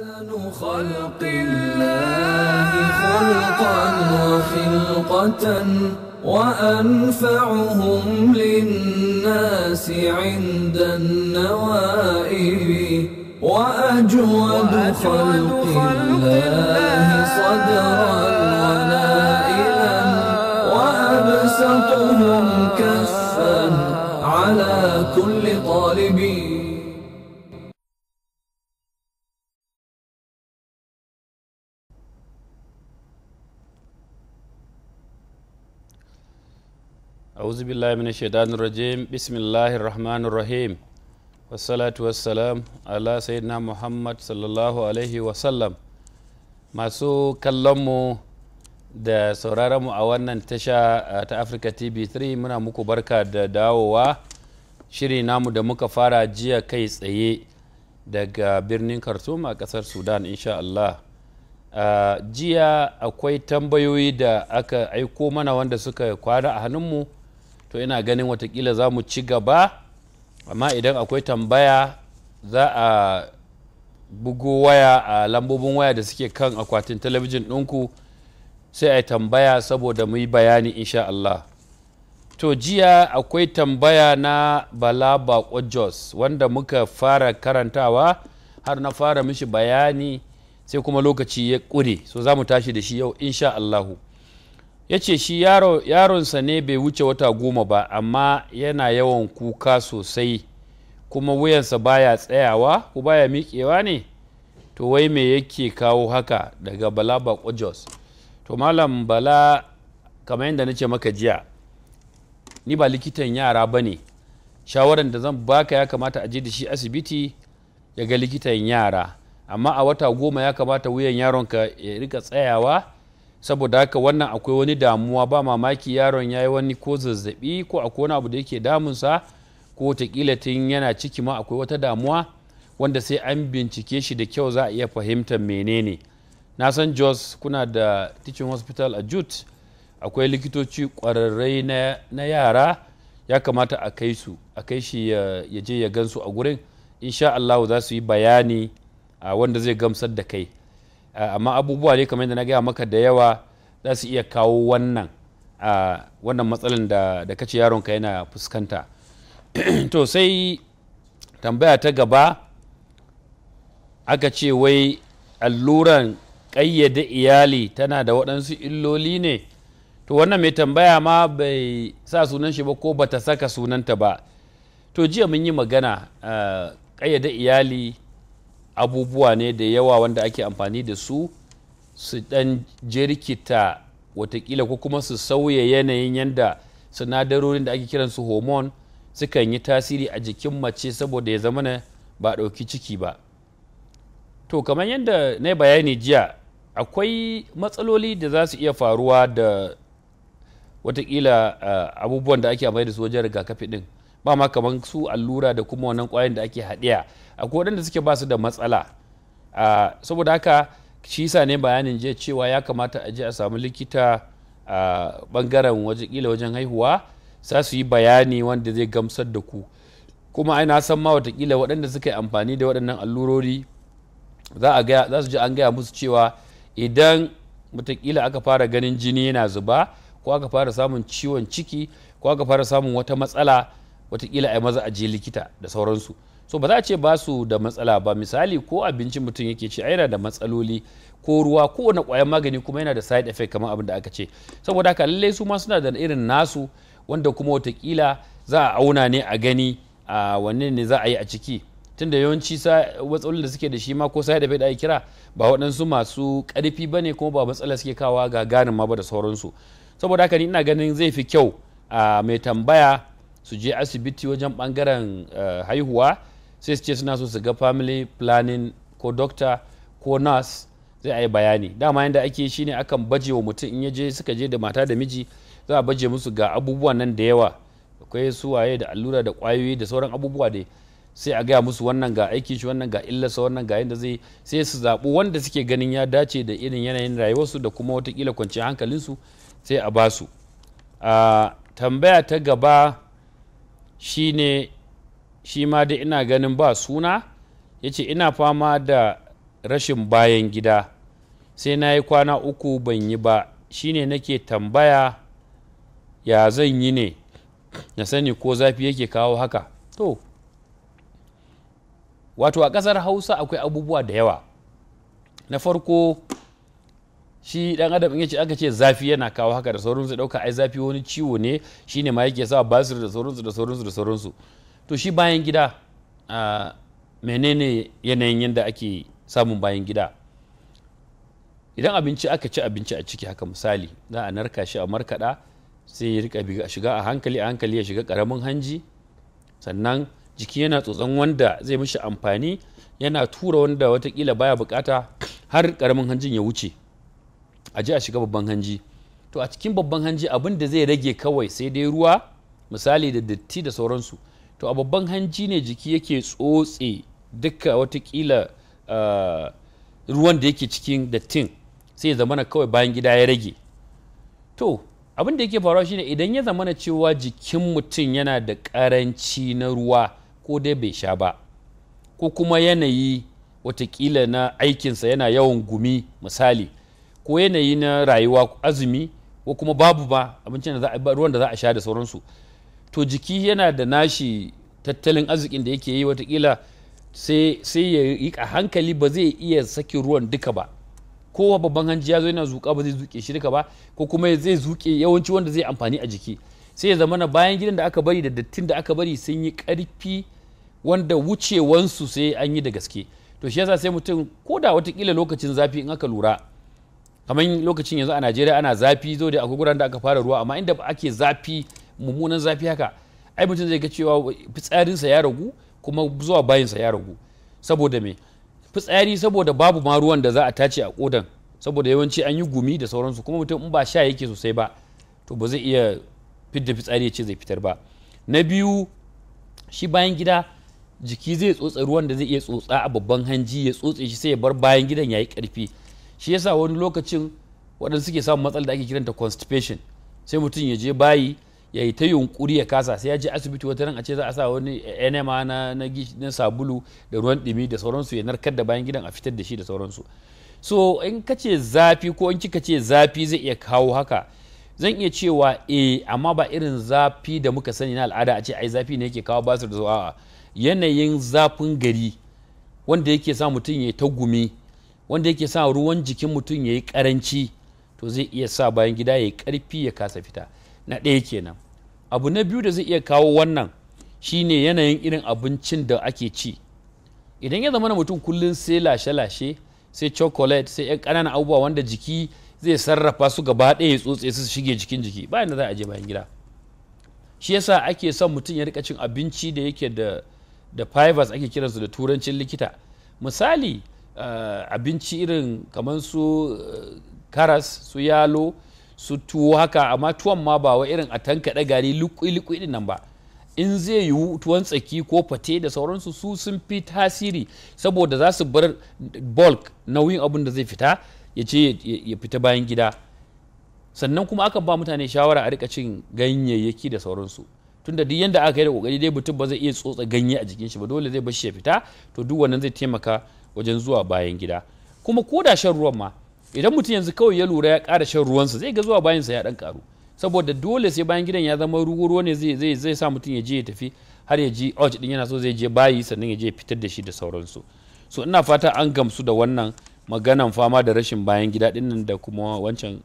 أحسن خلق الله خلقا وخلقة وأنفعهم للناس عند النوائب وأجود خلق الله صدرا ونائلا وأبسطهم كفا على كل طالبين أعوذ بالله من الشيطان الرجيم بسم الله الرحمن الرحيم والصلاة والسلام على سيدنا محمد masu kallonmu da sauraronmu a wannan tasha ta Afirka TV3 muna muku barka da dawowa shiri namu da muka fara jiya kai tsaye daga birnin Khartoum a kasar Sudan inshaAllah. Allah. jiya akwai tambayoyi da aka aiko mana wanda suka kwana a hannunmu mu to ina ganin watakila za mu ci gaba amma idan akwai tambaya za a bugo waya a lambobin waya da suke kan akwatin talabijin ɗinku sai a yi tambaya saboda mu yi bayani insha Allah to jiya akwai tambaya na bala bako wanda muka fara karantawa har na fara mishi bayani sai kuma lokaci ya ƙure so za mu tashi da shi yau insha Allahu ya ce shi yaronsa ne bai wuce wata goma ba amma yana yawan kuka sosai kuma wuyansa baya tsayawa ko baya miƙewa ne to wai me yake kawo haka daga bala bako to malam bala kamar yadda na ce maka jiya ni ba likitan yara ba ne shawaran da zan baka ya kamata a je da shi asibiti ya ga likitan yara amma a wata goma ya kamata wuyan yaronka ya rika tsayawa saboda haka wannan akwai wani damuwa ba mamaki yaron ya yi wani ko zazzabi ko akwai wani abu da yake damunsa ko watakila tun yana ciki ma akwai wata damuwa wanda sai an bincike shi da kyau za a iya fahimtar menene na san jos kuna da teaching hospital a jute akwai likitoci ƙwararrai na yara ya kamata a kai su a kai shi ya je ya gansu a gurin insha allahu za su yi bayani a wanda zai gamsar da kai Eh, amma abubuwa ne kamar yadda na gaya maka da yawa za su iya kawo wannan wannan matsalan da, da kace yaronka yana fuskanta to sai tambaya ta gaba aka ce wai alluran ƙayyade iyali tana da waɗansu illoli ne to wannan mai tambaya ma bai sa sunan shi ba ko bata saka sunanta ba to jiya mun yi magana eh, ƙayyade iyali abubuwa ne da yawa wanda ake amfani da su su dan jirkita watakila ko kuma su sauya yanayin yanda sinadarorin da ake kiransu hormone sukan yi tasiri a jikin mace saboda ya zama na ba ɗauki ciki ba to kamar yadda na bayani jiya akwai matsaloli da za su iya faruwa da watakila eh, abubuwan da ake amfani da su wajen rigakafi ɗin ba ma kamar su allura da kuma wannan kwayoyin da ake haɗiya akwai waɗanda suke basu da matsala saboda haka shi sa ne bayanin je cewa ya kamata a je a samu likita a bangaren wajen wajen haihuwa za su yi bayani wanda zai gamsar da ku kuma ai na san ma watakila waɗanda suka yi amfani da waɗannan allurori za su ji an gaya musu cewa idan watakila aka fara ganin jini yana zuba ko aka fara samun ciwon ciki ko aka fara samun wata matsala watakila a maza a je likita da sauransu so ba za a ce ba su da matsala ba misali ko abincin mutum yake ce yana da matsaloli ko ruwa ko wani kwayan magani kuma yana da side effect kamar abin da aka ce saboda haka lallai su ma suna da irin nasu wanda kuma watakila za a auna ne a gani a wanne ne za a yi a ciki tunda yawanci matsalolin da suke da shi ma ko side effect da ake kira ba waɗansu masu ƙarfi ba ne kuma ba matsala suke kawa ga ganin ma ba da sauransu saboda haka ni ina ganin zai fi kyau a mai tambaya su je asibiti wajen bangaren eh, haihuwa sai su ce suna so su ga family planning ko doctor ko nurse zai a yi bayani dama yadda ake shine akan baje wa mutum in ya je suka je da mata da miji za a baje musu ga abubuwan nan da yawa akwai suwaye da allura da kwayoyi da sauran abubuwa da sai a gaya musu wannan ga aikin shi wannan ga illarsa wannan ga yadda zai sai su zaɓu wanda suke ganin ya dace da irin yanayin rayuwarsu da kuma watakila kwanciyar hankalinsu sai a basu a ah, tambaya ta gaba shi ne shi ma dai ina ganin ba suna ya ce ina fama da rashin bayan gida sai na yi kwana uku ban yi ba shi ne nake tambaya ya zan yi ne na sani ko zafi yake kawo haka to wato a ƙasar hausa akwai abubuwa da yawa na farko shi dan adam in ce aka ce zafi yana kawo haka da sauransu dauka ai zafi wani ciwo ne shine ma yake sa basir da sauransu da sauransu da sauransu to shi bayan gida a menene yanayin yadda ake samun bayan gida idan abinci aka ci abinci a ciki haka misali za a narka shi a markaɗa sai ya rika shiga a hankali a hankali ya shiga ƙaramin hanji sannan jiki yana tsotson wanda zai mishi amfani yana tura wanda watakila baya bukata har ƙaramin hanjin ya wuce a ji a shiga babban hanji to a cikin babban hanji abin da zai rage kawai sai dai ruwa misali da datti da sauransu to a babban hanji ne jiki yake tsotse duka watakila ah, ruwan da yake cikin dattin sai ya zamana kawai bayan gida ya rage to abin da yake faruwa shine idan ya zamana cewa jikin mutum yana da karanci na ruwa ko dai bai sha ba ko kuma yanayi watakila na aikinsa yana yawan gumi misali ko yanayi na rayuwa azumi ko kuma babu ba abincin da za a ruwan da za a sha da sauransu to jiki yana da nashi tattalin arzikin da yake yi watakila sai ya yi a hankali ba zai iya saki ruwan duka ba kowa babban hanji ya zo yana zuƙa ba zai zuƙe shi duka ba ko kuma zai zuƙe yawanci wanda zai amfani a jiki sai ya zama na bayan gidan da aka bari da dattin da aka bari sun yi ƙarfi wanda wucewansu sai an yi da gaske to shi yasa sai mutum ko da watakila lokacin zafi in aka lura kamar lokacin yanzu a najeriya ana zafi zo da akwai guran da aka fara ruwa amma inda ake zafi mummunan zafi haka ai mutum zai ga cewa fitsarinsa ya ragu kuma zuwa bayansa ya ragu saboda me fitsari saboda babu ma ruwan da za a tace a kodan saboda yawanci an yi gumi da sauransu kuma mutum in ba sha yake sosai ba to ba zai iya fidda fitsari ya ce zai fitar ba na biyu shi bayan gida jiki zai tsotsa ruwan da zai iya tsotsa a babban hanji ya tsotse shi sai ya bar bayan gidan ya yi karfi shi yasa wani lokacin waɗanda suke samun matsala da ake kiranta constipation sai mutum ya je bayi ya yi ta yunkuri ya kasa sai ya je asibiti wata ran a ce za a sa wani enema na na sabulu da ruwan ɗumi da sauransu ya narkar da bayan gidan a fitar da shi da sauransu so in ka ce zafi ko in kika ce zafi zai iya kawo haka zan iya cewa eh amma ba irin zafi da muka sani na al'ada a ce ai zafi ne yake kawo basir da zuwa yanayin zafin gari wanda yake sa mutum ya yi ta gumi wanda yake sa ruwan jikin mutum ya yi karanci to zai iya sa bayan gida ya yi karfi ya kasa fita na ɗaya kenan abu na biyu da zai iya kawo wannan shine yanayin irin abincin da ake ci idan ya zama na mutum kullum sai lashe-lashe sai chocolate sai 'yan ƙananan abubuwa wanda jiki zai sarrafa su gaba ɗaya tsotse su shige jikin jiki bayan da za a je bayan gida shi yasa ake son mutum ya rika cin abinci da yake da da fibers ake kiransu da turancin likita misali Eh, abinci irin kamar su eh, karas su yalo su tuwo haka amma tuwon ma ba wa irin a tankaɗe gari liƙi din nan ba in zai yiwu tuwon tsaki ko fate da sauransu su sun fi tasiri saboda za su bar bulk nauyin abin da zai fita ya ce ya fita bayan gida sannan kuma aka ba mutane shawara a rika cin ganyayyaki da sauransu tunda duk yadda aka yi da kokari dai mutum ba zai iya tsotsa ganye a jikin shi ba dole zai bar shi ya fita to duk wannan zai taimaka wajen zuwa bayan gida kuma ko da shan ruwan ma idan mutum yanzu kawai ya lura ya kara shan ruwan sa zai ga zuwa bayansa ya ɗan ƙaru saboda dole sai bayan gidan ya zama ruwa ruwa ne zai zai sa mutum ya je ya tafi har ya ji ouch din yana so zai je bayi sannan ya je fitar da shi da sauransu so ina fata an gamsu da wannan maganan fama da rashin bayan gida dinnan da kuma wancan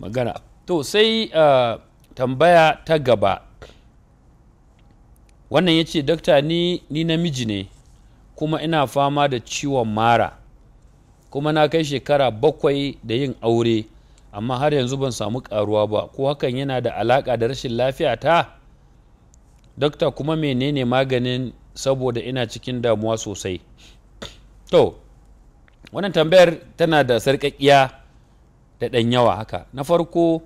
magana to sai ah, tambaya ta gaba wannan ya ce dakta ni ni namiji ne kuma ina fama da ciwon mara kuma na kai shekara bakwai da yin aure amma har yanzu ban samu karuwa ba ko hakan yana da alaƙa da rashin lafiya ta dokta kuma menene maganin saboda ina cikin damuwa sosai to wannan tambayar tana da sarƙaƙiya da ɗan yawa haka na farko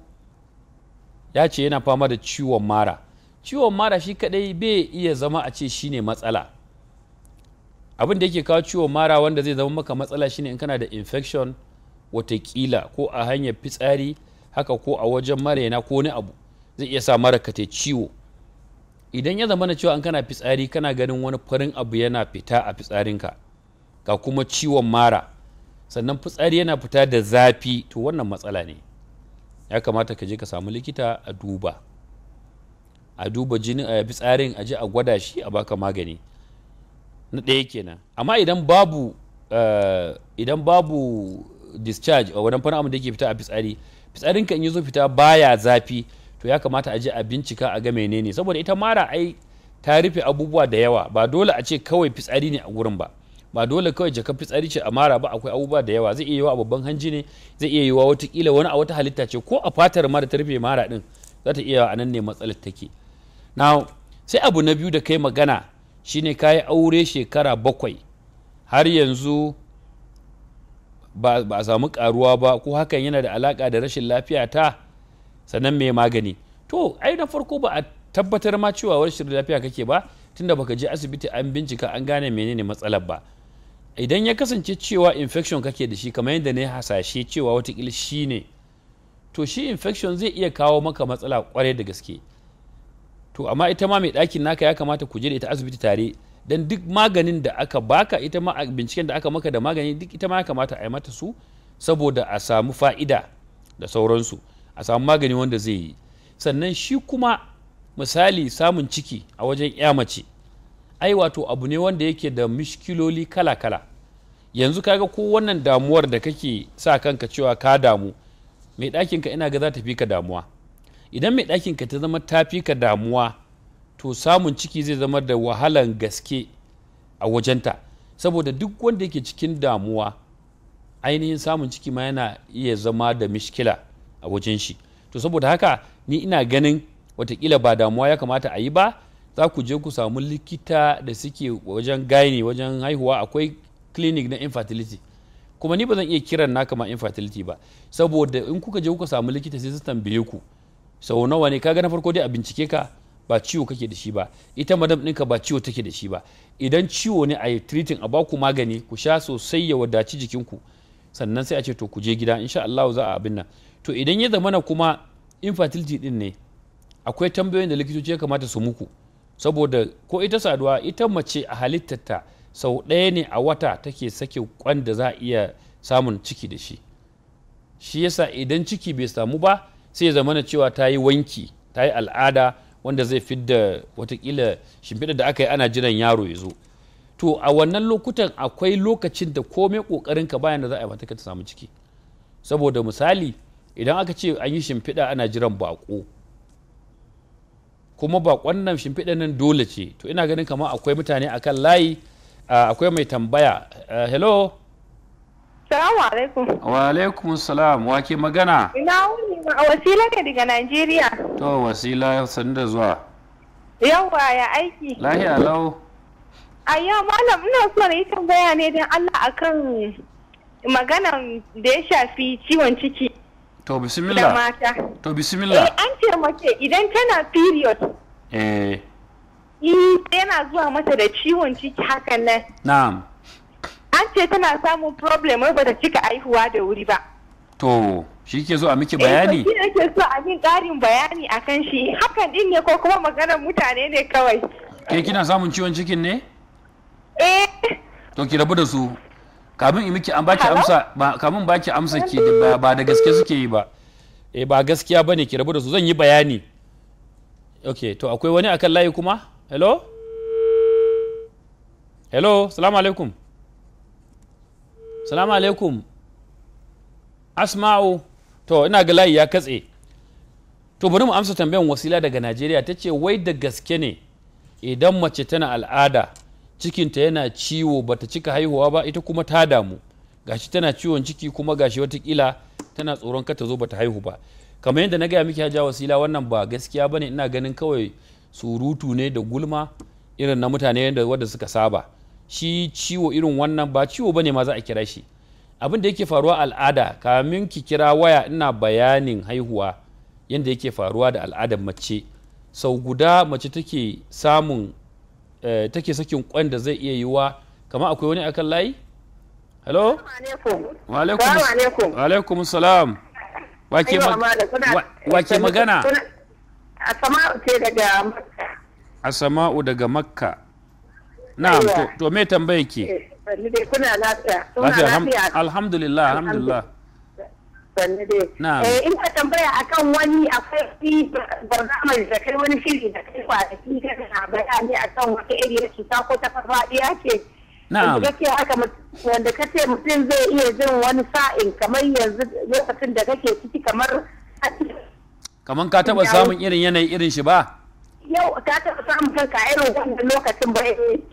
ya ce yana fama da ciwon mara ciwon mara shi kaɗai bai iya zama a ce shine matsala abin da yake kawo ciwon mara wanda zai zama maka matsala shine in kana da infection watakila ko a hanyar fitsari haka ko a wajen maraina ko wani abu zai iya sa mara ka ciwo idan ya zama na cewa an kana fitsari kana ganin wani farin abu yana fita a fitsarinka ga kuma ciwon mara sannan fitsari yana fita da zafi to wannan matsala ne ya kamata ka je ka samu likita a duba a duba jini a fitsarin a je a gwada shi a baka magani na ɗaya kenan amma idan babu eh, idan babu discharge a wadan fana'amun da ke fita a fitsari fitsarin ka in yi zo fita baya zafi to ya kamata a je a bincika a ga menene saboda ita mara ai ta rufe abubuwa da yawa ba dole a ce kawai fitsari ne a gurin ba ba dole kawai jakar fitsari ce a mara ba akwai abubuwa da yawa zai iya yiwa a babban hanji ne zai iya yiwa watakila wani a wata halitta ce ko a fatar mara ta rufe mara din za ta iya a nan ne matsalar take now sai abu na biyu da kai magana shine ka yi aure shekara bakwai har yanzu ba a samu karuwa ba ko hakan yana da alaka da rashin lafiya ta sannan mai magani to ai na farko ba a tabbatar ma cewa rashin lafiya kake ba tunda baka je asibiti an bincika an gane menene matsalar ba idan ya kasance cewa infection kake da shi kamar yadda yi hasashe cewa watakila shi ne to shi infection zai iya kawo maka matsala kwarai da gaske to amma ita ma mai ɗakin naka ya kamata ku je da ita asibiti tare dan duk maganin da aka baka ita ma binciken da aka maka da magani duk ita ma ya kamata a yi mata su saboda a samu fa'ida da sauransu a samu magani wanda zai yi sannan shi kuma misali samun ciki a wajen ya mace ai wato abu ne wanda yake da mishkiloli kala-kala yanzu kaga ko wannan damuwar da kake sa kanka cewa ka damu mai ɗakinka ina ga za ta fi ka damuwa idan mai ɗakin ka ta zama ta fi ka damuwa to samun ciki zai zama da wahalan gaske a wajenta saboda duk wanda yake cikin damuwa ainihin samun ciki ma yana iya zama da mishkila a wajen shi to saboda haka ni ina ganin watakila ba damuwa ya kamata a yi ba za ku je ku samu likita da suke wajen gaini wajen haihuwa akwai clinic na infertility kuma ni ba zan iya kiran naka ma infertility ba saboda in kuka je kuka samu likita sai su tambaye ku sau nawa ne kaga na farko dai a bincike ka ba ciwo kake da shi ba ita madam ɗinka ba ciwo take da shi ba idan ciwo ne a yi treating a baku magani ku sha sosai ya wadaci jikinku sannan sai a ce to ku je gida insha Allah za a abin nan to idan ya zamana kuma infertility din ne akwai tambayoyin da likitoci ya kamata su muku saboda ko ita saduwa ita mace a halittarta sau ɗaya ne a wata take sake kwan da za a iya samun ciki da shi shi yasa idan ciki bai samu ba sai ya zamana cewa ta yi wanki ta yi al'ada wanda zai fidda watakila shimfiɗa da aka yi ana jiran yaro ya zo to a wannan lokutan akwai lokacin da komai kokarin ka bayan da za a yi mata ta samu ciki saboda misali idan aka ce an yi shimfiɗa ana jiran baƙo kuma baƙon nan shimfiɗa nan dole ce to ina ganin kamar akwai mutane akan layi akwai mai tambaya eh, hello Salamu alaikum. Wa alaikum salam, wa ke magana? Ina wuni ma wasila ne daga Najeriya. To wasila sani da zuwa. Yawwa ya aiki. Lahiya lau. yau, malam ina so na yi tambaya ne don Allah akan maganan da ya shafi ciwon ciki. To bismillah. Da mata. To bismillah. Eh an ce mace idan tana period. Eh. Eh yana zuwa mata da ciwon ciki hakan nan. Na'am. an ce tana samun problem wai bata cika aihuwa da wuri ba to shi ke zo a miki eh, bayani eh shi ke so a min karin bayani akan shi hakan din ne ko kuma maganar mutane ne kawai ke kina samun ciwon cikin ne eh to ki rabu da su kamin in miki an baki amsa ba kamin baki amsa ki ba da gaske suke yi ba eh ba gaskiya bane ki rabu da su zan yi bayani ok to akwai wani akan layi kuma hello hello salamu alaikum salamu alaikum asma'u to ina ga layi ya katse to bari mu amsa tambayan wasila daga najeriya ta ce wai da gaske ne idan mace tana al'ada cikinta yana ciwo bata cika haihuwa ba ita kuma ta damu gashi tana ciwon ciki kuma gashi watakila tana tsoron ka ta zo bata haihu ba kamar yadda na gaya miki haja wasila wannan ba gaskiya bane ina ganin kawai surutu ne da gulma irin na mutane da wadda suka saba shi ciwo irin wannan ba ciwo bane ma za a kira shi abin da yake faruwa al'ada kamin ki kira waya ina bayanin haihuwa yadda yake faruwa da al'adar mace sau guda mace take samun eh, take sakin kwan da zai iya yiwa kamar akwai wani akan layi hello alaikum salam wake magana asama'u daga makka na'am to me tambaye ke eh, kuna lafiya lafiya alhamdulillah alhamdulillah sannu dai eh ina tambaya akan wani akwai barzamar da kai wani shiri da kai kwanaki kana bayani akan wata iriyar cuta ko ta farfadiya ce Na'am. Kake haka wanda ka ce mutum zai iya jin wani sa'in kamar yanzu lokacin da kake ciki kamar kamar ka taba samun irin yanayi irin shi ba? yau ka taɓa samun kanka irin wannan lokacin ba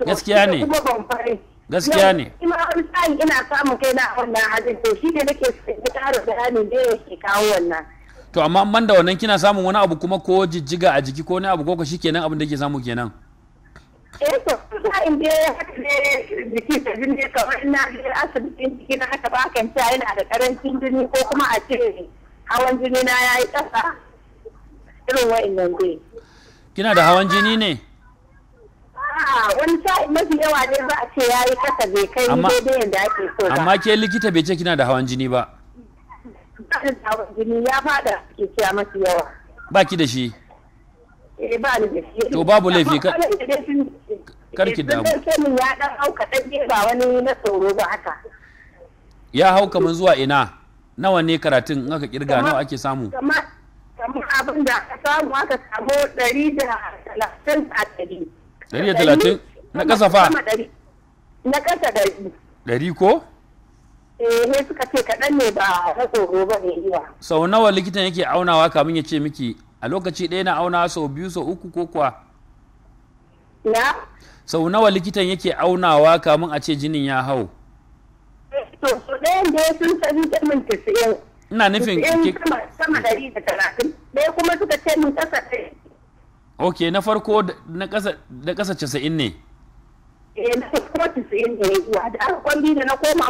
gaskiya eh, ne gaskiya ne kuma an sai ina samun kai na wannan hadin to shi ne nake tsara bayani da yake kawo wannan to amma man da wannan kina samun wani abu kuma ko jijjiga a jiki ko wani abu ko shi kenan abin da ke samu kenan eh to in dai haka ne jiki ta jin dai kamar ina da asibitin jiki na haka ba kan ta yana da karancin jini ko kuma a ce hawan jini na yayi ƙasa. irin wa'annan dai kina da hawan jini ne wani sa'in mafi yawa ne za a ce ya yi kasa bai kai so ba likita bai ce kina da hawan jini ba jini ya fada ke ba ki da shi eh ba ni da shi to babu laifi ka karki damu ya dan hauka ya hauka mun zuwa ina nawa ne karatun in aka kirga nawa ake samu samu abin da aka samu aka samu ɗari da talatin a ɗari. Ɗari da talatin na ƙasa fa? Na ƙasa ɗari. Ɗari ko? Eh, ne suka ce kaɗan ne ba a tsoro ba ne yiwa. Sau nawa likitan yake aunawa kamun ya ce miki a lokaci ɗaya na aunawa sau biyu sau uku ko kuwa? Na? Sau nawa likitan yake aunawa kamun a ce jinin ya hau? Eh, to, ɗayan da ya sun sami ta min tasirin. ina nufin sama dari da talatin ɗaya kuma suka ce mun kasa ɗaya ok na farko na ƙasa casa'in ne eh na kuma casa'in ne zuwa da aka kwambi da na koma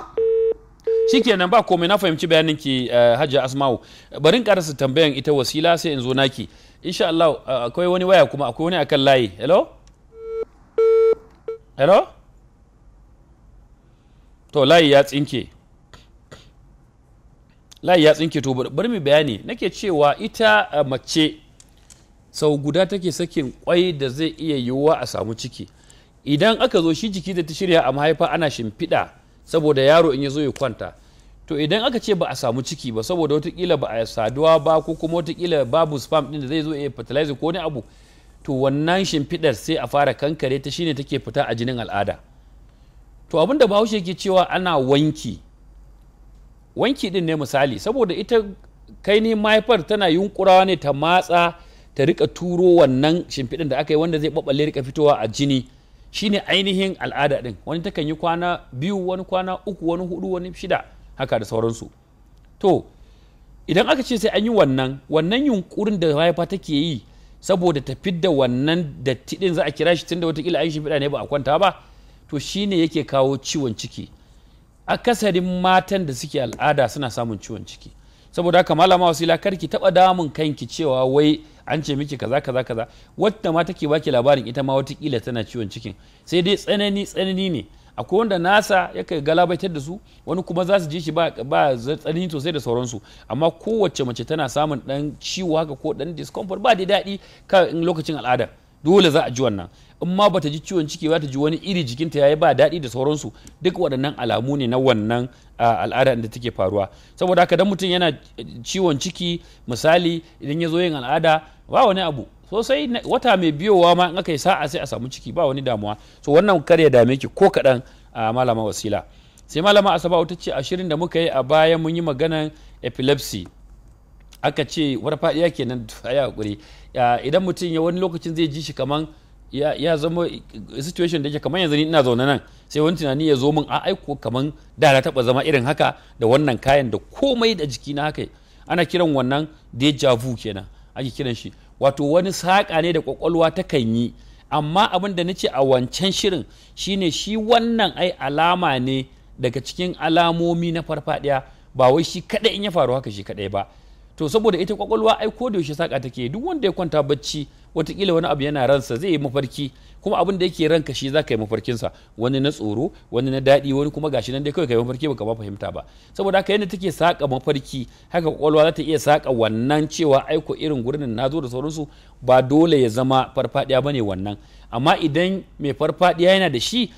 shikenan ba komai na fahimci bayanin ki eh, hajji asma'u barin karasa tambayan ita wasila sai in zo naki insha Allah eh, akwai wani waya kuma akwai wani akan layi hello hello to layi ya tsinke layi ya tsinke to bari mu bayani nake cewa ita eh, mace sau guda take sakin kwai da zai iya yiwuwa a samu ciki idan aka zo shi jiki da ta shirya a mahaifa ana shimfiɗa saboda yaro in ya zo ya kwanta to idan aka ce ba a samu ciki ba saboda watakila ba a saduwa ba ko kuma watakila babu spam din da zai zo ya fertilize ko wani abu to wannan shimfiɗar sai a fara kankare ta shine take fita a jinin al'ada to abin da bahaushe ke cewa ana wanki wanki din ne misali saboda ita kai ne mahaifar tana yunkurawa ne ta matsa ta rika turo wannan shimfiɗin da aka yi wanda zai ɓaɓɓalle rika fitowa a jini shine ainihin al'ada din wani takan yi kwana biyu wani kwana uku wani hudu wani shida haka da sauransu to idan aka ce sai an yi wannan wannan yunkurin da mahaifa take yi saboda ta fidda wannan datti din za a kira shi tunda watakila an shimfiɗa ne ba a kwanta ba to shine yake kawo ciwon ciki akasarin matan da suke al'ada suna samun ciwon ciki saboda haka malama wasila kar ki taba damun kanki cewa wai an ce miki kaza kaza kaza wata ma take baki labarin ita ma watakila tana ciwon cikin sai dai tsanani tsanani ne akwai wanda nasa ya kai galabaitar da su wani kuma za su ji shi ba tsanani sosai da sauransu amma kowace mace tana samun dan ciwo haka ko dan discomfort ba da daɗi ka in lokacin al'ada dole za a ji wannan in ma bata ji ciwon ciki ba ta ji wani iri jikinta yayi ba daɗi da sauransu duk waɗannan alamu ne na wannan al'ada da take faruwa saboda haka dan mutum yana ciwon ciki misali idan ya zo yin al'ada ba wani abu sosai wata mai biyowa ma in aka yi sa'a sai a samu ciki ba wani damuwa so wannan kar ya dame ki ko kaɗan a malama wasila sai malama asaba ta ce a shirin da muka yi a baya mun yi maganan epilepsy aka ce faɗiya kenan a hakuri idan mutum ya wani lokacin zai ji shi kaman ya zama situation da yake kamar yanzu ina zaune nan sai wani tunani ya zo min a aiko kamar da na taba zama irin haka da wannan kayan da komai da jiki na haka ana kiran wannan deja vu kenan ake kiran shi wato wani saƙa ne da kwakwalwa ta kan yi amma abin da nace a wancan shirin shine shi wannan ai alama ne daga cikin alamomi na farfadiya ba wai shi kadai in ya faru haka shi kadai ba to saboda ita kwakwalwa ai ko da yaushe saƙa take duk wanda ya kwanta bacci watakila wani abu yana ransa zai yi mafarki kuma abin da yake ranka shi za ka yi mafarkinsa wani na tsoro wani na daɗi wani kuma gashi nan dai kawai ka yi mafarki baka ba fahimta ba saboda haka yadda take saƙa mafarki haka kwakwalwa za ta iya saƙa wannan cewa aiko irin gurin na zo da sauransu ba dole ya zama farfaɗiya ba ne wannan amma idan mai farfaɗiya yana da shi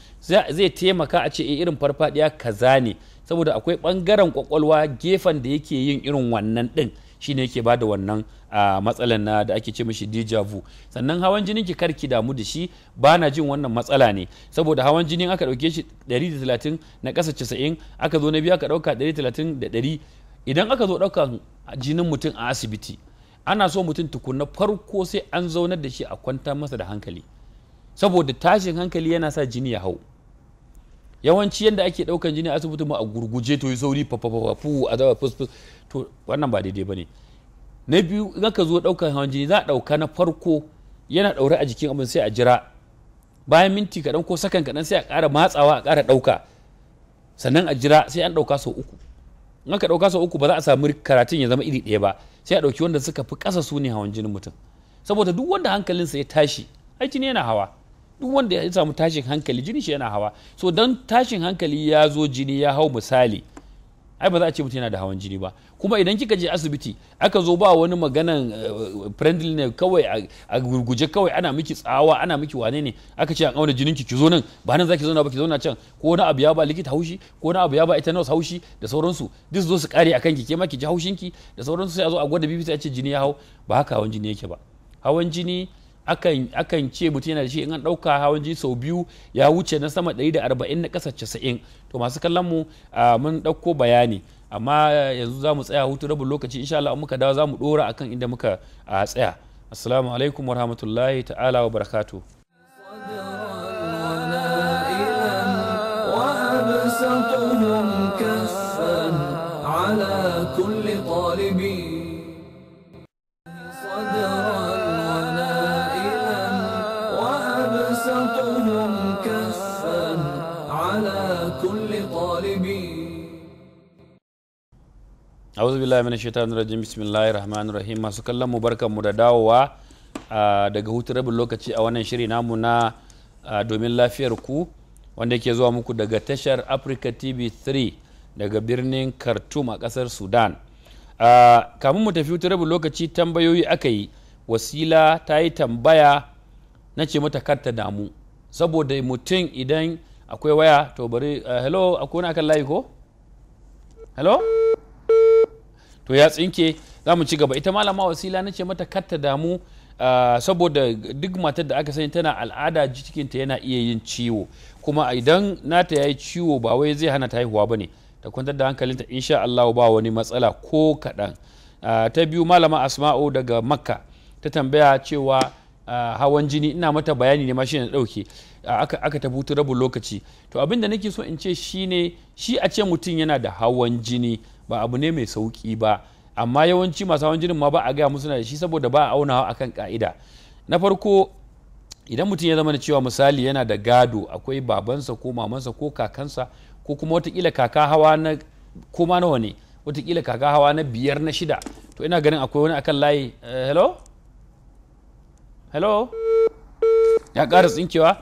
zai taimaka a ce eh, irin farfaɗiya kaza ne saboda akwai bangaren kwakwalwa gefen da yake yin irin wannan din. shine yake bada wannan a matsalan na da ake ce mishi deja vu sannan hawan jinin ki karki damu da shi ba na jin wannan matsala ne saboda hawan jinin aka dauke shi 130 na kasa 90 aka zo na biyu aka dauka 130 da 100 idan aka zo daukan jinin mutum a asibiti ana so mutum tukuna farko sai an zaunar da shi a kwanta masa da hankali saboda tashin hankali yana sa jini ya hau yawanci yadda ake daukan jini asibiti ma a gurguje to yi sauri fafafafu a zaba fuskus to wannan ba daidai ba ne na biyu in ka zo daukan hawan jini za a dauka na farko yana daure a jikin abin sai a jira bayan minti kaɗan ko sakan kaɗan sai a ƙara matsawa a ƙara ɗauka sannan a jira sai an ɗauka sau uku in aka ɗauka sau uku ba za a samu karatun ya zama iri ɗaya ba sai a ɗauki wanda suka fi ƙasa su ne hawan jinin mutum saboda duk wanda hankalinsa ya tashi aiki jini yana hawa duk wanda ya samu tashin hankali jini shi yana hawa so don tashin hankali ya zo jini ya hau misali ai ba za a ce mutum yana da hawan jini ba kuma idan kika je asibiti aka zo ba wani maganan eh, friendly ne kawai a gurguje kawai ana miki tsawa ana miki wane ne aka ce a auna jinin ki zo nan ba nan zaki zauna ba ki zauna can ko na abu ya ba likita haushi ko na abu ya ba ita nurse haushi da sauransu duk zo su kare akan ki ke ma ki ji haushin ki da sauransu sai a zo a gwada bibi sai a ce jini ya hau ba haka hawan jini yake ba hawan jini akan ce mutum yana da shi in an ɗauka hawan jini sau biyu ya wuce na sama 140 na ƙasa 90 to masu kallon mu mun ɗauko bayani amma yanzu za mu tsaya hutu rabin lokaci insha Allah muka dawo za mu ɗora akan inda muka tsaya assalamu alaikum warahmatullahi ta'ala wa barakatuh auzu billahi minash shaitanir rajim bismillahir rahmanir rahim masu kallon mu barkan mu da dawowa daga hutun rabin lokaci a wannan shiri namu na domin lafiyar ku wanda ke zuwa muku daga tashar Africa TV 3 daga birnin Khartoum a kasar Sudan kamun mu tafi hutun rabin lokaci tambayoyi aka yi wasila ta yi tambaya na ce mata karta ta damu saboda mutum idan akwai waya to bari hello akwai wani akan layi ko hello to ya tsinke za mu ci gaba ita malama wasila na ce mata katta damu ah, saboda duk matar da aka sani tana al'ada cikinta yana iya yin ciwo kuma idan nata ya yi ciwo ba wai zai hana ta haihuwa ba ne ta kwantar da hankalinta insha Allah ba wani matsala ko kaɗan ah, ta biyu malama asma'u daga makka ta tambaya cewa ah, hawan jini ina mata bayani ne mashi na ɗauke aka ta hutu rabin lokaci to abinda da nake so in ce shine shi a ce mutum yana da hawan jini ba abu ne mai sauki ba amma yawanci masu hawan jinin ma ba a gaya musu na da shi saboda ba a aunawa akan ka'ida na farko idan mutum ya zama da cewa misali yana da gado akwai babansa ko mamansa ko kakansa ko kuma watakila kaka hawa na koma nawa ne watakila kaka hawa na biyar na shida to ina ganin akwai wani akan layi eh, hello hello ya ƙara tsinkewa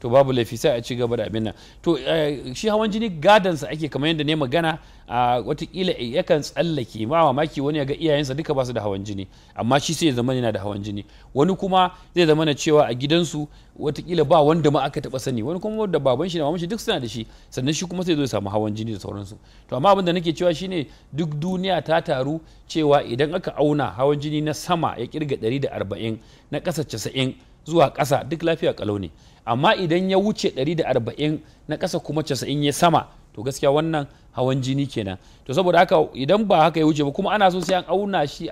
to babu laifi sai a ci gaba da abin nan to eh, shi hawan jini gadansa ake kamar yadda ne magana a watakila eh, yakan tsallake ma mamaki wani ya ga iyayensa duka ba su da hawan jini amma shi sai ya zama yana da hawan jini wani kuma zai zama na cewa a gidansu watakila ba wanda ma aka taba sani wani kuma da baban shi da mamashi duk suna da shi sannan shi kuma sai zo ya samu hawan jini da sauransu to amma abin da nake cewa shine duk duniya ta taru cewa idan aka auna hawan jini na sama ya kirga 140 na ƙasa 90 zuwa ƙasa duk lafiya kalau ne amma idan ya wuce 140 na ƙasa kuma 90 ya sama to gaskiya wannan hawan jini kenan to saboda haka idan ba haka ya wuce ba kuma ana so sai an auna shi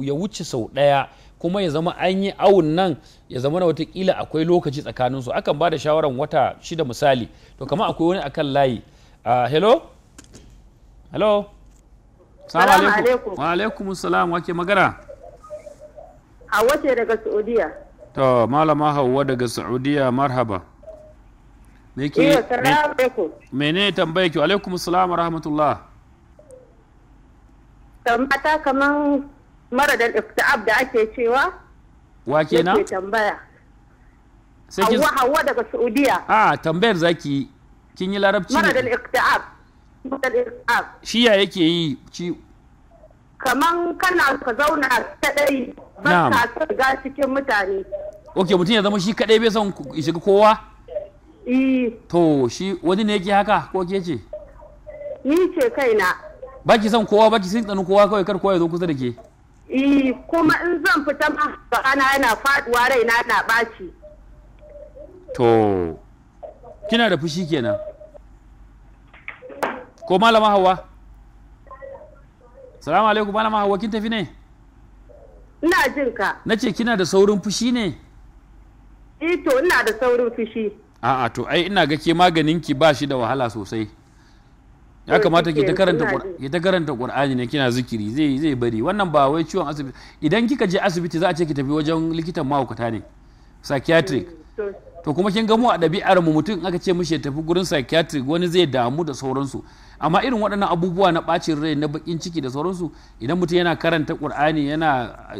ya wuce sau ɗaya kuma ya zama an yi awun nan ya zama na watakila akwai lokaci tsakanin su akan ba da shawaran wata shida misali to kama akwai wani akan layi uh, hello hello salamu alaikum wa alaikum salam wake magana hawa ce daga saudiya to malama hawa daga saudiya marhaba me ke eh, mene tambaye ki alaikum assalam wa rahmatullah tambata kaman maradan iftiab da ake cewa wa kenan tambaya hawa hawa daga saudiya a tambayar zaki kin yi larabci maradan iftiab shi ya yake yi ci kaman kana ka zauna kadai ba ka shiga cikin mutane ok mutum ya zama shi kadai bai son shiga kowa Eh. to shi wani ne yake haka ko ke ce ni ce kaina ba ki son kowa ba ki sun tsanu kowa kawai kar kowa ya zo kusa da ke eh kuma in zan fita ma bakana yana faduwa raina na baci to kina da fushi kenan ko malama hawa salamu alaikum malama hawa kin tafi ne ina jin ka nace kina da saurin fushi ne eh to ina da saurin fushi a'a to ai ina ga ke maganin ki ba shi da wahala sosai ya eh, kamata ki ta karanta ki karanta qur'ani ne kina zikiri zai zai bari wannan ba wai ciwon asibiti idan kika je asibiti za a ce ki tafi wajen likitan mahaukata ne psychiatric hmm, to kuma kin ga mu a ɗabi'ar mu mutum aka ce mishi ya tafi gurin psychiatric wani zai damu da sauransu amma irin waɗannan abubuwa na bacin rai na bakin ciki da sauransu idan mutum yana karanta qur'ani yana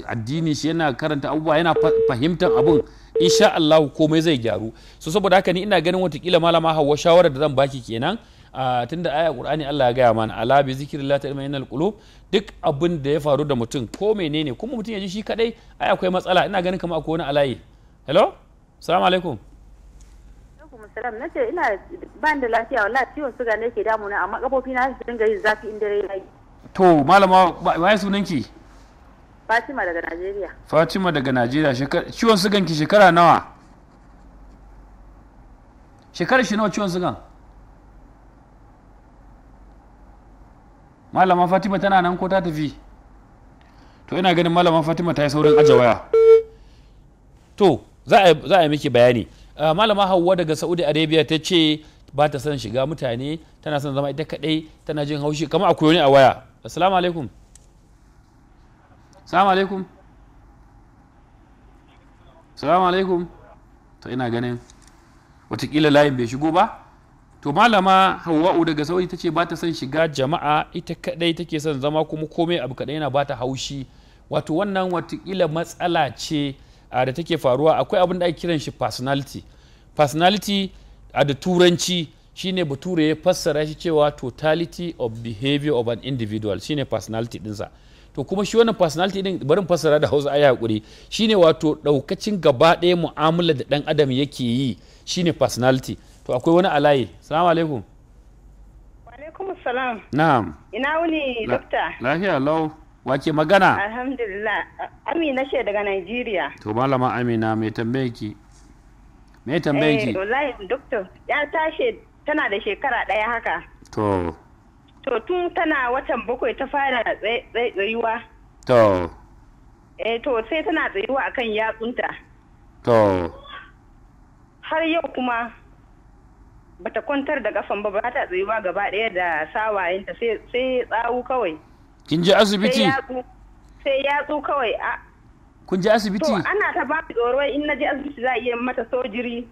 addini shi yana karanta abubuwa yana fahimtar abun insha Allah komai zai gyaru so saboda haka ni ina ganin watakila malama hawa shawarar da zan baki kenan tunda aya qur'ani Allah ya gaya mana ala bi zikrillah tatma'innul qulub duk abin da ya faru da mutum ko menene kuma mutum ya ji shi kadai ai akwai matsala ina ganin kamar akwai wani alayi hello assalamu alaikum salam na ce ina ban da lafiya wala ciwon suga nake ke damuna amma kafofi na su dinga yin zafi in dare yayi to malama wai sunan ki Fatima daga Najeriya. Fatima daga Najeriya ciwon sugan ki shekara nawa? Shekarar shi nawa ciwon sugan? Malama Fatima tana nan ko ta tafi? To ina ganin malama Fatima ta yi saurin aje waya. To za a yi miki bayani. Uh, malama Hauwa daga Saudi Arabia ta ce ba ta son shiga mutane tana son zama ita kaɗai tana jin haushi kamar akwai wani a waya. Assalamu alaikum. salamu alaikum salamu alaikum to ina ganin watakila layin bai shigo ba to malama hawa'u daga sauri ta ce ba ta son shiga jama'a ita kadai take son zama kuma komai abu kadai yana bata haushi wato wannan watakila matsala ce da take faruwa akwai abin da ake kiran shi personality personality a da turanci shine bature ya fassara shi cewa totality of behavior of an individual shine personality dinsa to kuma shi wannan personality din barin fassara da hausa ayi hakuri shine wato daukacin gaba ɗaya mu'amala da dan adam yake yi shine personality to akwai wani alayi salamu alaikum alaikum salam na'am ina wuni dokta lafiya lau wace magana alhamdulillah amina ce daga nigeria to malama amina mai tambaye ki mai tambaye eh, ki eh wallahi doctor ya tashi tana da shekara daya haka to To tun tana watan bakwai ta fara tsayuwa. To. Eh to sai tana tsayuwa akan yatsunta. To. Har yau kuma bata kwantar da kafan ba ba ta tsayuwa gaba ɗaya da sawayenta sai sai tsawu kawai. Kin je asibiti? Sai yatsu kawai a. Kun je asibiti? To ana ta ba tsoro in na je asibiti za a iya mata sojiri.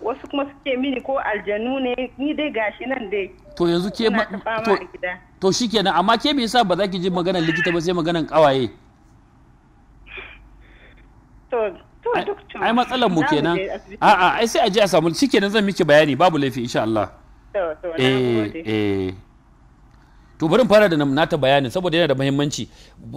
wasu kuma suke mini ko aljanu ne ni dai gashi nan dai to yanzu ke ma to, to shikenan amma ke me yasa ba za ki ji maganar likita ba sai maganar kawaye to to doctor ai matsalar mu kenan a a ai sai a ji a samu shikenan zan miki bayani babu laifi insha Allah to to eh eh to bari fara da nata bayanin saboda yana da muhimmanci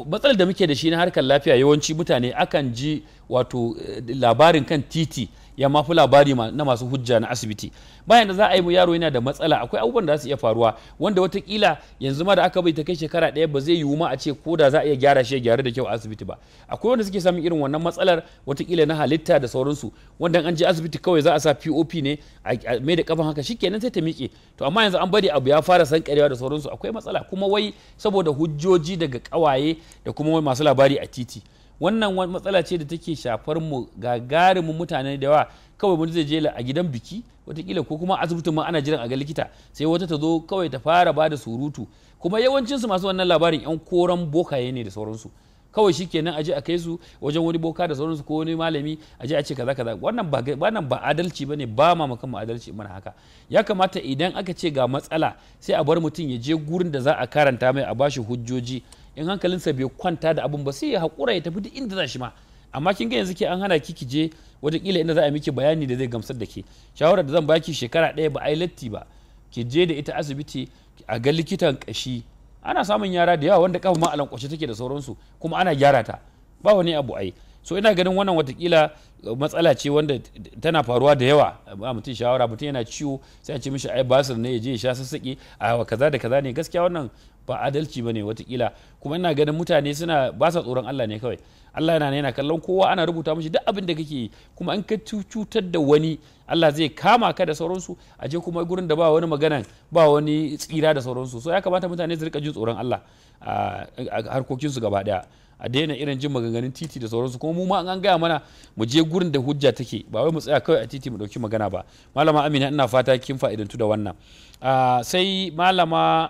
matsalar da muke da shi na harkar lafiya yawanci mutane akan ji wato eh, labarin kan titi ya mafi labari na masu hujja na asibiti bayan da za a yi yaro yana da matsala akwai abubuwan da za su iya faruwa wanda watakila yanzu ma da aka bai ta kai shekara daya ba zai yiwu ma a ce ko da za a iya gyara shi gyara da kyau a asibiti ba akwai wanda suke samun irin wannan matsalar watakila na halitta da sauransu wanda an je asibiti kawai za a sa pop ne a mai da kafan haka shikenan sai ta miƙe to amma yanzu an bari abu ya fara sankarewa da sauransu akwai matsala kuma wai saboda hujjoji daga kawaye da kuma masu labari a titi wannan matsala ce da take shafar mu gagarumin mutane da yawa kawai wani zai je a gidan biki watakila ko kuma asibitin ma ana jiran a ga likita sai wata ta zo kawai ta fara ba da surutu kuma yawancinsu masu wannan labarin yan koran bokaye ne da sauransu kawai shikenan aje a kai su wajen wani boka da sauransu ko wani malami aje a ce kaza kaza wannan ba wannan ba adalci bane ba ma makan mu adalci mana haka ya kamata idan aka ce ga matsala sai a bar mutum ya je gurin da za a karanta mai a bashi hujjoji in hankalinsa bai kwanta da abun ba sai ya haƙura ya tafi duk inda za shi ma amma kin ga yanzu ke an hana ki ki je watakila inda za a miki bayani da zai gamsar da ke shawarar da zan baki shekara ɗaya ba ai latti ba ki je da ita asibiti a ga likitan kashi ana samun yara da yawa wanda kafa ma a take da sauransu kuma ana gyara ta ba wani abu ai so ina ganin wannan watakila uh, matsala ce wanda tana faruwa da yawa a mutum shawara mutum yana ciwo sai a ce mishi ai basir ne ya je ya sha sassaƙi a kaza da kaza ne gaskiya wannan ba adalci ba ne watakila kuma ina ganin mutane suna ba sa tsoron Allah ne kawai Allah yana yana kallon kowa ana rubuta mishi duk abin da kake yi kuma an ka cutar da wani Allah zai kama ka da sauransu a je kuma gurin da ba wani magana ba wani tsira da sauransu so ya kamata mutane su rika jin tsoron Allah a harkokinsu gaba daya a daina irin jin maganganun titi da sauransu kuma mu ma an gaya mana mu je gurin da hujja take ba wai mu tsaya kawai a titi mu dauki magana ba malama amina ina fata kin fa'idantu da wannan sai malama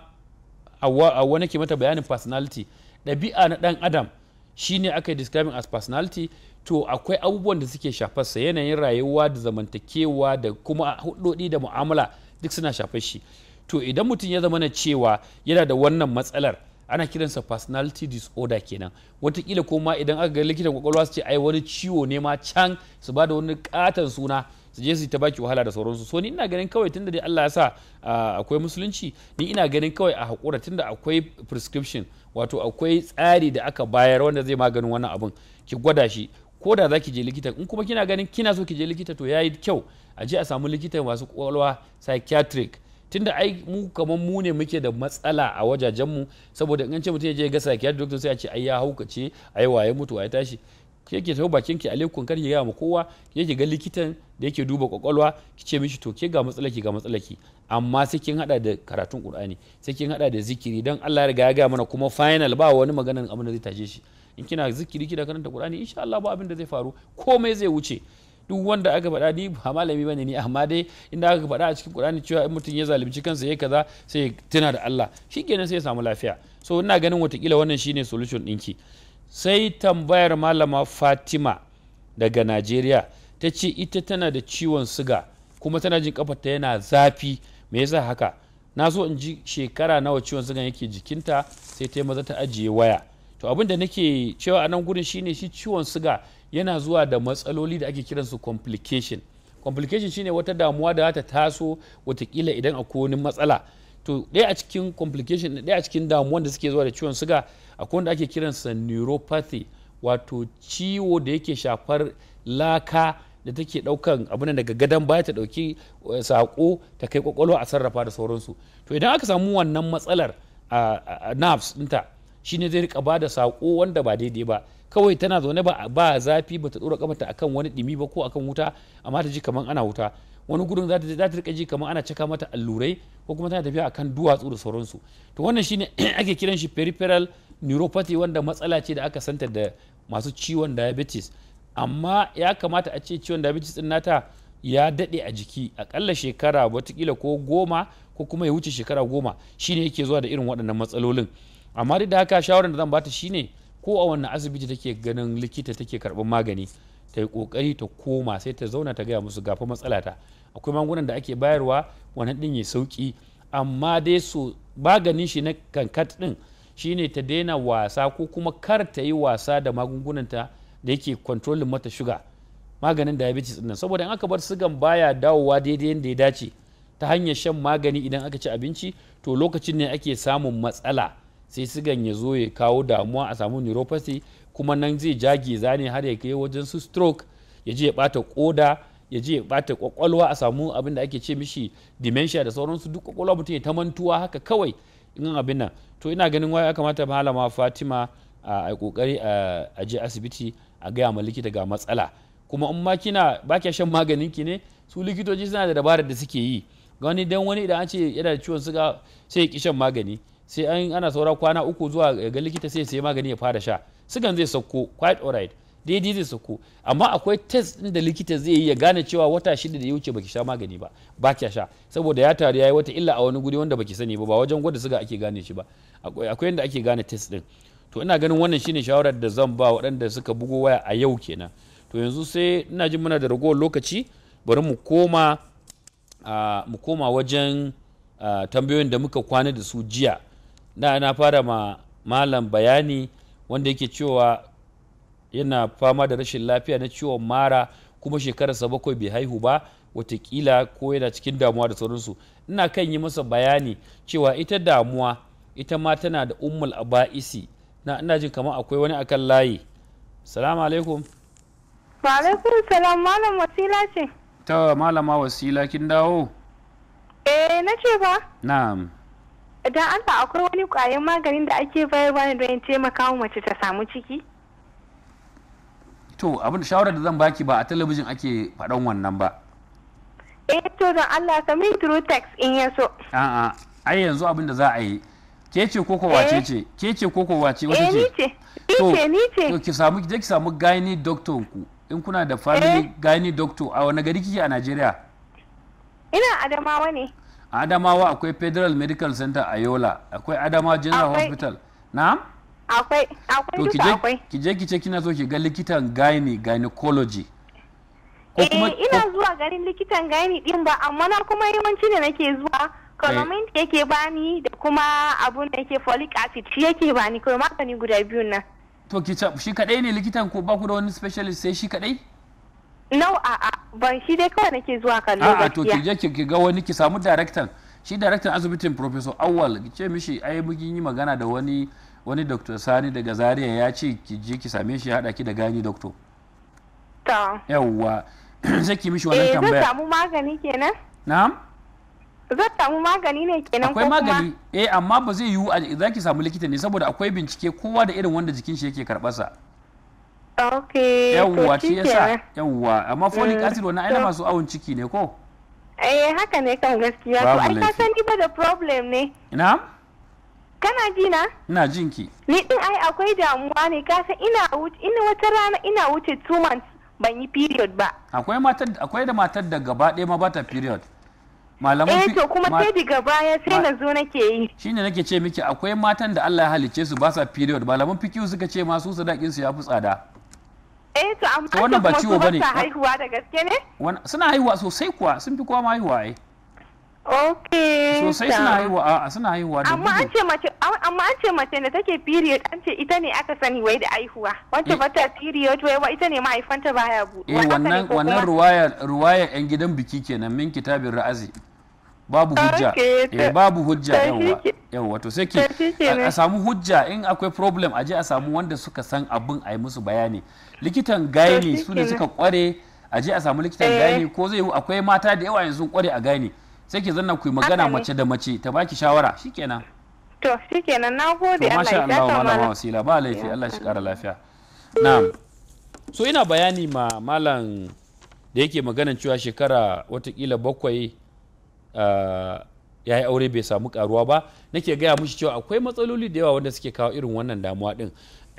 wani nake mata bayanin personality ɗabi'a na ɗan adam shine aka yi describing as personality to akwai abubuwan da suke shafar sa yanayin rayuwa da zamantakewa da kuma hudodi da mu'amala duk suna shafar shi to idan mutum ya zama na cewa yana da wannan matsalar ana kiransa personality disorder kenan watakila ko ma idan aka ga likitan kwakwalwa su ce ai wani ciwo ne ma can su ba da wani katon suna su je su ta baki wahala da sauransu so ni ina ganin kawai tunda dai Allah ya sa ah, akwai musulunci ni ina ganin kawai a hakura tunda akwai prescription wato akwai tsari da aka bayar wanda zai maganin wannan abun ki gwada shi ko da zaki ki je likita in kuma kina ganin kina so ki je likita to yayi kyau a je a samu likitan masu kwakwalwa psychiatric tunda ai mu kamar mu ne muke da matsala a wajajen mu saboda in ce mutum ya je ga psychiatric doctor sai a ce ai ya haukace ai waye mutu waye tashi ke tafi bakin ki alaikum kar ki gaya ma kowa ke ga likitan da yake duba kwakwalwa ki ce mishi to ke ga matsalaki ga matsalaki amma sai kin hada da karatun qur'ani sai kin hada da zikiri dan Allah ya riga ya gaya mana kuma final ba wani maganan abin da zai taje shi in kina zikiri kina karanta qur'ani insha Allah ba abin da zai faru komai zai wuce duk wanda aka faɗa ni ba malami bane ni amma dai inda aka faɗa a cikin Qur'ani cewa in mutum ya zalunci kansa yayi kaza sai tana tuna da Allah shikenan sai ya samu lafiya so ina ganin watakila wannan shine solution ɗinki sai tambayar malama Fatima daga Najeriya ta ce ita tana da ciwon siga kuma tana jin ta yana zafi me yasa haka na so in ji shekara nawa ciwon sigan yake jikinta sai ta maza ta ajiye waya to abin da nake cewa a nan gurin shine shi ciwon siga yana zuwa da matsaloli da ake kiransu complication complication shine wata damuwa da ta taso watakila idan akwai wani matsala to ɗaya a cikin complication ɗaya a cikin damuwan da suke zuwa da ciwon suga akwai wanda ake kiransa neuropathy wato ciwo da yake shafar laka da take ɗaukan abin daga gadon baya ta ɗauki eh, sako ta kai kwakwalwa a sarrafa da sauransu to idan aka samu wannan matsalar a ah, ah, ah, nerves ɗinta shine zai rika ba da sako wanda ba daidai ba kawai tana zaune ba ba zafi ba ta dora kamata akan wani dimi ba ko akan wuta amma ta ji kaman ana wuta wani gudun za ta rika ji kamar ana cika mata allurai ko kuma tana tafiya akan duwatsu da sauransu to wannan shine ake kiran shi peripheral neuropathy wanda matsala ce da aka santa da masu ciwon diabetes amma ya kamata a ce ciwon diabetes din nata ya dade a jiki akalla shekara watakila ko goma ko kuma ya wuce shekara goma shine yake zuwa da irin waɗannan matsalolin amma duk da haka shawaran da zan bata shine ko a wannan asibiti take ganin likita take karɓar magani ta yi ƙoƙari ta koma sai ta zauna ta gaya musu gafa matsala ta akwai magungunan da ake bayarwa wannan din ya sauki amma dai so maganin shi na kankat ɗin shine ta daina wasa ko kuma kar ta yi wasa da magungunanta da yake kontrolin mata shuga maganin diabetes din saboda in aka bar sugan baya dawowa daidai yadda ya dace ta hanyar shan magani idan aka ci abinci to lokacin ne ake samun matsala sai sigan ya zo ya kawo damuwa a samu neuropathy kuma nan zai jage zane har ya kai wajen su stroke ya je ya bata koda ya je ya bata kwakwalwa a samu abin da ake ce mishi dementia da sauransu duk kwakwalwa mutum ya ta mantuwa haka kawai in abin nan to ina ganin waya ya kamata malama fatima a kokari a je asibiti a gaya ma likita ga matsala kuma in ma kina ba kya shan maganin ki ne su likitoci suna da dabarar da suke yi wani dan wani idan an ce yana da ciwon suga sai ya ki shan magani sai an ana saura kwana uku zuwa ga likita sai sai magani ya fara sha sigan zai sauko quite alright daidai zai sauko amma akwai test din da likita zai yi ya gane cewa wata shida da ya wuce baki sha magani ba ba kya sha saboda ya taru ya yi wata illa a wani guri wanda baki sani ba ba wajen gwada suga ake gane shi ba akwai akwai ake gane test din to ina ganin wannan shine shawarar da zan ba waɗanda suka bugo waya a yau kenan to yanzu sai ina jin muna da ragowar lokaci bari mu koma ah, mu koma wajen ah, tambayoyin da muka kwana da su jiya da na fara ma malam bayani wanda yake cewa yana fama da rashin lafiya na ciwon mara kuma shekararsa bakwai bai haihu ba watakila ko yana cikin damuwa da sauransu ina kan yi masa bayani cewa ita damuwa ita ma tana da ummul aba'isi na ina jin kamar akwai wani akan layi salamu alaikum alaikum salam malam wasila ce ta malama wasila kin dawo eh na ce ba na'am idan an sa akwai wani kwayan maganin da ake bayarwa ne don taimaka wa mace ta samu ciki to abin da shawarar da zan baki ba a talabijin ake faɗan wannan ba eh to don Allah sami through text in ya so a'a ai yanzu abin da za a yi ke ce koko wace eh. ce ke ce koko wace wace eh, ce ni ce, ni ce ni ki samu ki samu gani doctor ku in kuna da family eh. gani doctor a wani gari kike a Najeriya ina Adamawa ne adamawa akwai federal medical center a yola akwai adama general hospital na akwai akwai duka akwai ki je ki ce kina so ki ga likitan gyne gynecology ko eh, kuma ina zuwa garin likitan gyne din ba amma na kuma yawanci ne nake zuwa colomin eh. yake bani da kuma abun da yake folic acid shi yake bani kawai magani guda biyu nan to ki shi kadai ne likitan ko ba ku da wani specialist sai shi kadai nau a'a ban shi dai kawai nake zuwa kallo a'a to ki je ki ga wani ki samu director shi director asibitin professor awal ce mishi ai mun yi magana da wani wani dr sani daga zaria ya ce ki je ki same shi ya hada ki da gani doctor ta yawwa sai ki mishi wannan eh, tambaya eh zan samu magani kenan na'am zan samu magani ne kenan akwai magani eh amma ba zai yiwu za ki samu likita ne saboda akwai bincike kowa da irin wanda jikin shi yake karbarsa ok yawwa ya sa yawwa amma mm, folic acid wannan aina masu awon ciki ne ko eh haka ne kan gaskiya to ai ka sani ba da problem ne ina kana ji na ina jin ki ni din ai akwai damuwa ne ka san ina wuce ina wata rana ina wuce two months ban yi period ba akwai matar akwai da matar da gaba ɗaya ma bata period malaman eh to kuma sai daga baya sai na zo nake yi shine nake ce miki akwai matan da Allah ya halicce su ba sa period malaman fikihu suka ce ma su sadakin su ya fi tsada eh to amma wannan ba ciwo bane haihuwa da gaske ne suna haihuwa sosai kuwa sun fi kowa haihuwa ai Okay. Sosai suna haihuwa a suna haihuwa da Amma an ce mace amma an ce mace da take period an ce ita ne aka sani wai da haihuwa Wacce eh. ba ta period wai wa ita ne mahaifanta baya bu. Eh wannan wannan ruwaya ruwaya yan gidan biki kenan min kitabin ra'azi. Babu hujja. Eh babu hujja yawa. Yawa to sai ki a samu hujja in akwai problem aje a samu wanda suka san abin a yi musu bayani. likitan gani su ne suka kware a je a samu likitan eh. gani ko zai akwai mata da yawa yanzu kware a gani sai ki zanna ku magana mace da mace ta baki shawara shikenan to shikenan na Allah ya Allah wasila ba laifi Allah shi kara lafiya na'am so ina bayani ma malam da yake maganan cewa shekara watakila bakwai ah, ya yi aure bai samu karuwa ba nake gaya mushi cewa akwai matsaloli da yawa wanda suke kawo irin wannan damuwa din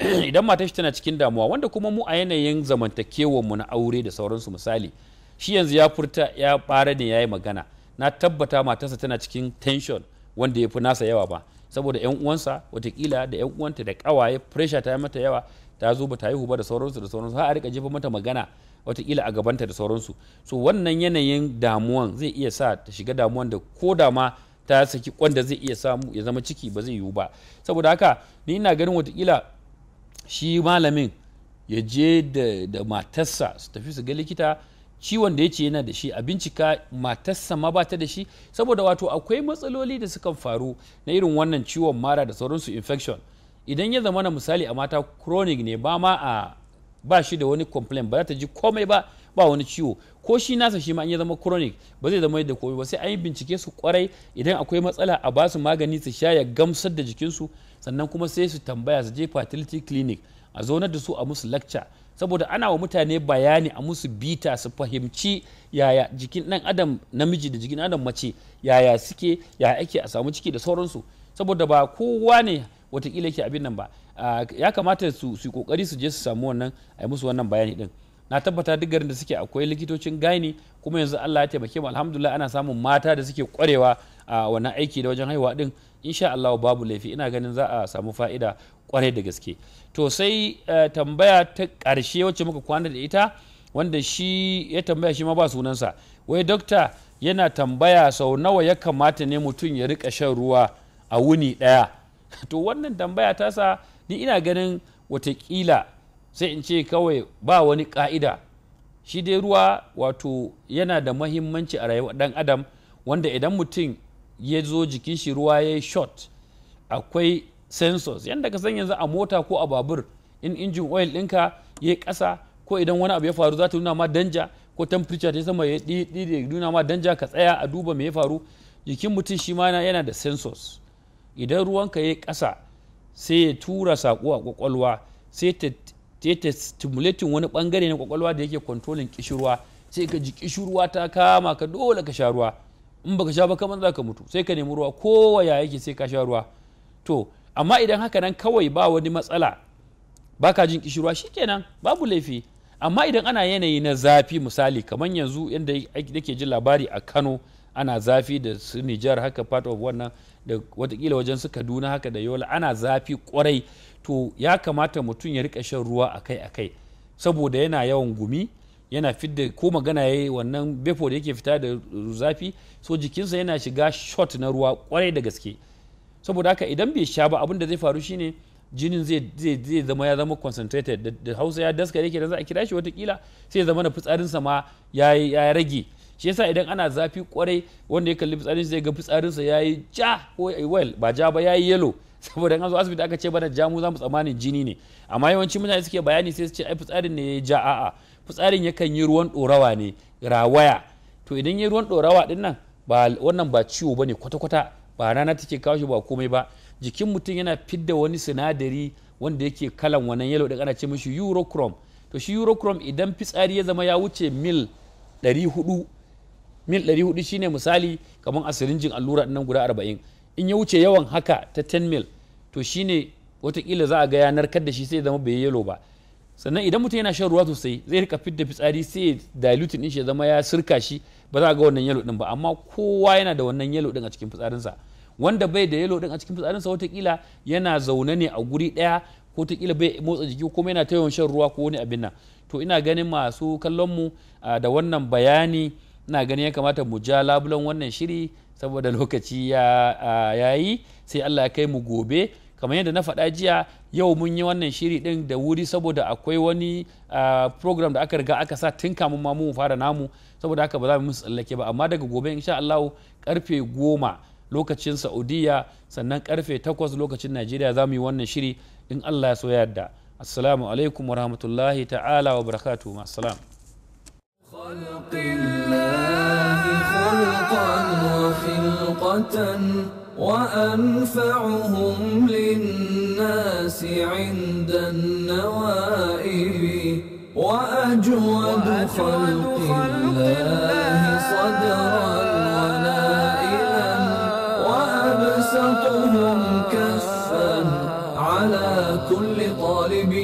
idan mata shi tana cikin damuwa wanda kuma mu a yanayin zamantakewar mu na aure da sauransu misali shi yanzu ya furta ya bara ne ya yi magana na tabbata matarsa tana cikin tension wanda ya fi nasa yawa ba saboda yan uwansa watakila da yan uwanta da kawaye pressure ta yi mata yawa ta zo ba ta haihu ba da sauransu da sauransu har a rika jefa mata magana watakila a gabanta da sauransu so wannan yanayin damuwan zai iya sa ta shiga damuwan da ko da ma ta saki kwanda zai iya samu ya zama ciki ba zai yiwu ba saboda haka ni ina ganin watakila shi malamin ya je da matarsa su tafi su ga likita ciwon da ya ce yana da shi a bincika matarsa ma ba ta da shi saboda wato akwai matsaloli da sukan faru na irin wannan ciwon mara da sauransu infection idan ya zama na misali a mata chronic ne ba ma a ba shi da wani complaint ba za ta ji komai ba ba wani ciwo ko shi nasa shi ma an ya zama chronic ba zai zama yadda komai ba sai an yi bincike su kwarai idan akwai matsala a ba su magani su sha ya gamsar da jikinsu sannan kuma sai su tambaya su je fertility clinic a zaunar da su a musu lecture saboda ana wa mutane bayani a musu bita su fahimci yaya jikin dan adam namiji da jikin adam mace yaya suke yaya ake a samu ciki da sauransu saboda ba kowa ne watakila yake abin nan ba ya kamata su su kokari su je su samu wannan a musu wannan bayani din na tabbata duk garin da suke akwai likitocin gaini kuma yanzu Allah ya taimake mu alhamdulillah ana samun mata da suke kwarewa a wannan aiki da wajen haihuwa din insha Allah babu laifi ina ganin za a samu fa'ida kwarai da gaske to sai eh, tambaya ta karshe wacce muka kwana da ita wanda shi ya tambaya shi ma ba sunansa wai dokta yana tambaya sau nawa ya kamata ne mutum ya rika shan ruwa a wuni ɗaya to wannan tambaya ta sa ni ina ganin watakila sai in ce kawai ba wani ka'ida shi dai ruwa wato yana da muhimmanci a rayuwar ɗan adam wanda idan mutum ya zo jikin shi ruwa ya yi short akwai sensors yadda ka san yanzu a mota ko a babur in injin oil ɗinka ya yi ƙasa ko idan wani abu ya faru za ta nuna ma danja ko temperature ta sama ya ɗiɗi nuna ma danja ka tsaya a duba mai ya faru jikin mutum shi ma yana da sensors idan ruwanka ya yi ƙasa sai ya tura saƙo a kwakwalwa sai ta ta stimulating wani bangare na kwakwalwa da yake controlling kishirwa sai ka ji kishirwa ta kama ka dole ka sha ruwa in baka sha ba kamar za ka mutu sai ka nemi ruwa ko waya yake sai ka sha ruwa to amma idan haka nan kawai ba wani matsala baka jin kishirwa shikenan babu laifi amma idan ana yanayi na zafi misali kamar yanzu yadda yake jin labari a Kano ana zafi da su Nijar haka part of wannan da watakila wajen su Kaduna haka da Yola ana zafi kwarai to ya kamata mutum ya rika shan ruwa akai-akai saboda yana yawan gumi yana fidda ko magana ya yi wannan befo da yake fita da zafi so jikinsa yana shiga shot na ruwa kwarai da gaske saboda haka idan bai sha ba abin da zai faru shine jinin zai zama ya zama concentrated da hausa ya daska yake da za a kira shi watakila sai ya zama da fitsarinsa ma ya rage shi yasa idan ana zafi kwarai wanda ya kalli fitsarin zai ga sa ya yi ja ko well ba ja ba ya yi yellow saboda an zo asibiti aka ce bana jamu za mu tsammanin jini ne amma yawanci mutane suke bayani sai su ce ai fitsarin ne ya ja a'a fitsarin yakan yi ruwan ɗorawa ne rawaya to idan yi ruwan ɗorawa ɗin nan ba wannan ba ciwo ba ne kwata-kwata ba rana take kawo shi ba komai ba jikin mutum yana fidda wani sinadari wanda yake kalan wannan yalo da ana ce mishi urochrome to shi urochrome idan fitsari ya zama ya wuce mil 400 mil 400 shine misali kamar asirinjin allura nan guda 40 in ya wuce yawan haka ta 10 mil to shine watakila za a ga yanar narkar da shi sai zama bai yalo ba sannan idan mutum yana shan ruwa sosai zai rika fidda fitsari sai dilutin din shi ya zama ya sirka shi ba za a ga wannan yalo din ba amma kowa yana da wannan yalo din a cikin fitsarinsa wanda bai da yalo din a cikin fitsarinsa kila yana zaune ne a guri daya ko kila bai motsa jiki kuma yana ta yawan shan ruwa ko wani abin nan to ina ganin masu kallon mu da wannan bayani ina ganin ya kamata mu ja labulan wannan shiri saboda lokaci ya yi sai Allah ya kai mu gobe kamar yadda na faɗa jiya yau mun yi wannan shiri ɗin da wuri saboda akwai wani program da aka riga aka sa tun kamun ma mu fara namu saboda haka ba za mu tsallake ba amma daga gobe insha Allah karfe goma lokacin Saudiya sannan karfe takwas lokacin Najeriya za mu yi wannan shiri in Allah ya so yarda assalamu alaikum wa rahmatullahi ta'ala wa ma salam خلق الله خلقا وخلقة وأنفعهم للناس عند النوائب وأجود خلق الله صدرا ونائلا وأبسطهم كفا على كل طالب